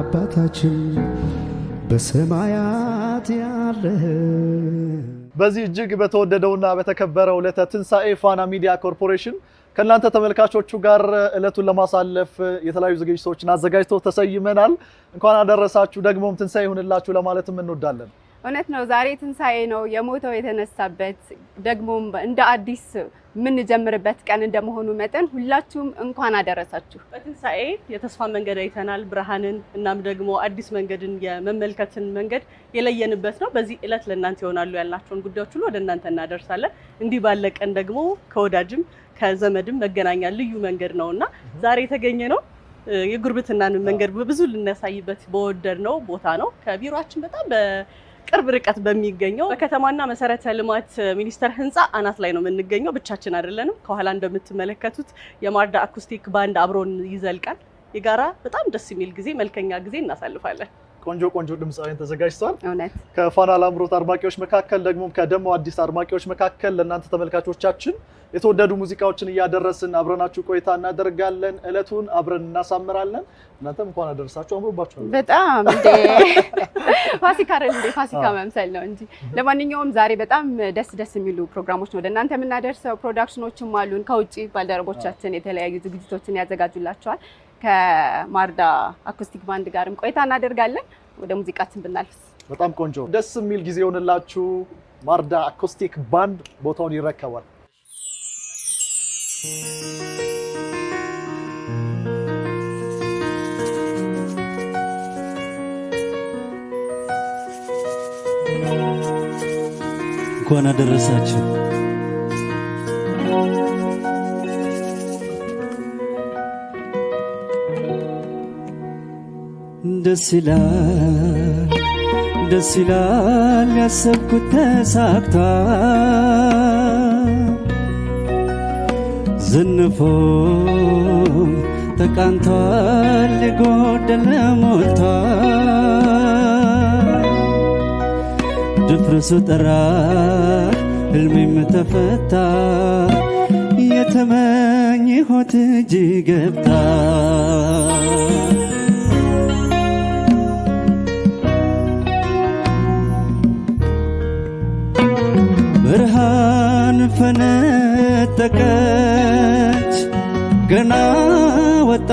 አባታችን በሰማያት ያለ። በዚህ እጅግ በተወደደውና በተከበረው ዕለተ ትንሣኤ ፋና ሚዲያ ኮርፖሬሽን ከእናንተ ተመልካቾቹ ጋር እለቱን ለማሳለፍ የተለያዩ ዝግጅቶችን አዘጋጅተው ተሰይመናል። እንኳን አደረሳችሁ፣ ደግሞም ትንሣኤ ይሁንላችሁ ለማለትም እንወዳለን። እውነት ነው። ዛሬ ትንሣኤ ነው። የሞተው የተነሳበት ደግሞም እንደ አዲስ የምንጀምርበት ቀን እንደመሆኑ መጠን ሁላችሁም እንኳን አደረሳችሁ። በትንሣኤ የተስፋ መንገድ አይተናል፣ ብርሃንን እናም ደግሞ አዲስ መንገድን የመመልከትን መንገድ የለየንበት ነው። በዚህ ዕለት ለእናንተ ይሆናሉ ያልናቸውን ጉዳዮች ሁሉ ወደ እናንተ እናደርሳለን። እንዲህ ባለ ቀን ደግሞ ከወዳጅም ከዘመድም መገናኛ ልዩ መንገድ ነው እና ዛሬ የተገኘ ነው የጉርብትናን መንገድ ብዙ ልናሳይበት በወደድ ነው ቦታ ነው ከቢሮችን በጣም ቅርብ ርቀት በሚገኘው በከተማና መሰረተ ልማት ሚኒስቴር ህንፃ አናት ላይ ነው የምንገኘው። ብቻችን አይደለንም። ከኋላ እንደምትመለከቱት የማርዳ አኩስቲክ ባንድ አብሮን ይዘልቃል። የጋራ በጣም ደስ የሚል ጊዜ መልከኛ ጊዜ እናሳልፋለን። ቆንጆ ቆንጆ ድምፃውያን ተዘጋጅተዋል። ከፋና ላምሮት አድማቂዎች መካከል ደግሞ ከደሞ አዲስ አድማቂዎች መካከል ለእናንተ ተመልካቾቻችን የተወደዱ ሙዚቃዎችን እያደረስን አብረናችሁ ቆይታ እናደርጋለን። እለቱን አብረን እናሳምራለን። እናንተም እንኳን አደረሳችሁ። አምሮባችኋል በጣም እንደ ፋሲካ እንደ ፋሲካ መምሰል ነው እንጂ። ለማንኛውም ዛሬ በጣም ደስ ደስ የሚሉ ፕሮግራሞች ነው ወደ እናንተ የምናደርሰው። ፕሮዳክሽኖችም አሉን ከውጭ ባልደረቦቻችን የተለያዩ ዝግጅቶችን ያዘጋጁላቸዋል። ከማርዳ አኩስቲክ ባንድ ጋርም ቆይታ እናደርጋለን። ወደ ሙዚቃችን ብናልፍስ በጣም ቆንጆ ደስ የሚል ጊዜ የሆንላችሁ። ማርዳ አኩስቲክ ባንድ ቦታውን ይረከባል። እንኳን አደረሳችሁ። ደስ ይላል ደስ ይላል ያሰብኩት ተሳክቷል ዝንፎም ተቃንቷል የጎደለ ሞልቷል ድፍረሱ ጠራ ሕልሜም ተፈታ የተመኘሁት እጅ ገብታ ወጣ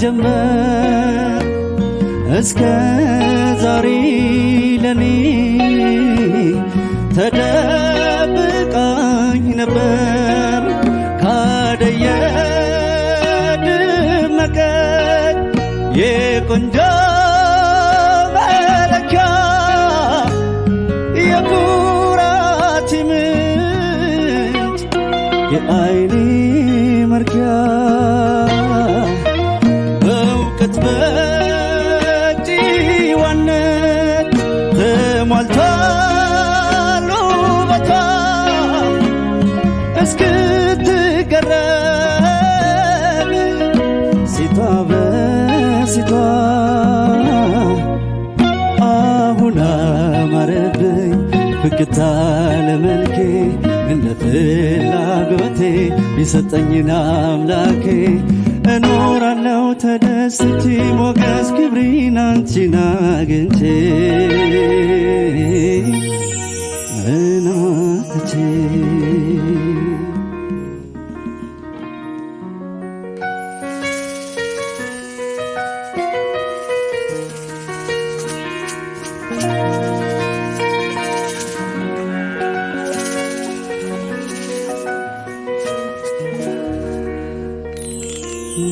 ጀመር እስከ ዛሬ ለኔ ተደብቃኝ ነበር ካደየ ድመቀት የቆንጆ መለኪያ የኩራት ምንጭ የአይኔ መመርኪያ በእውቀት በእጅ ዋነት ተሟልቷል ውበቷ እስክትገረም ሴቷ በሴቷ አሁን አማረብኝ ፍቅታ ለመልኬ ግን ለፍላጎቴ ቢሰጠኝን አምላኬ እኖራለው ተደስቼ ሞገስ ክብሪን አንቺን አግኝቼ ምናትቼ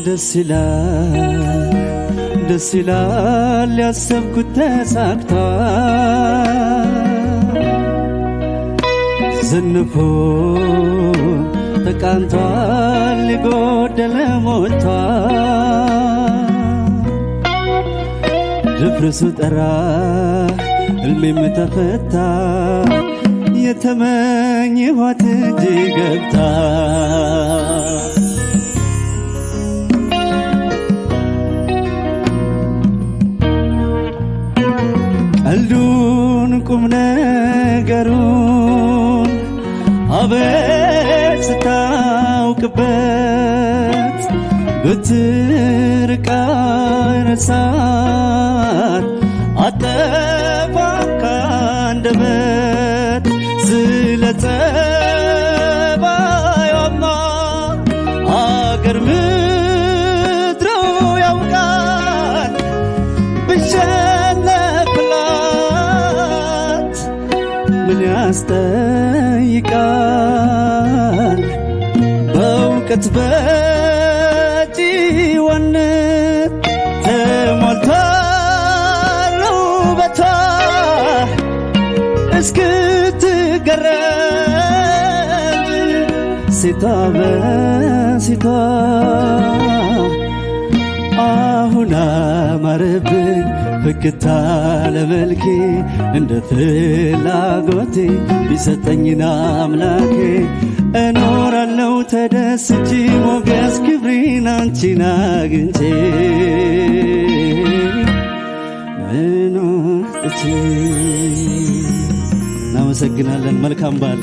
ደስ ይላል ደስ ይላል ያሰብኩት ተሳክቷል ዝንፎ ተቃንቷል የጎደለ ሞልቷል ድፍርሱ ጠራ ተፈታ የተመኘኋት እጅ ገብታ ነገሩን አቤት ስታውቅበት ብትርቅ አይረሳት ያስጠይቃል። በእውቀት በጭዋነት ተሞልቷል በቷ እስክትገረም ሴቷ በሲቷ አሁን አማረብን ፈገግታ ለመልኬ እንደ ፍላጎቴ ቢሰጠኝን አምላኬ እኖራለው ተደስቼ ሞገስ ክብሬን አንቺን አግኝቼ መኖር ትቼ እናመሰግናለን። መልካም በዓል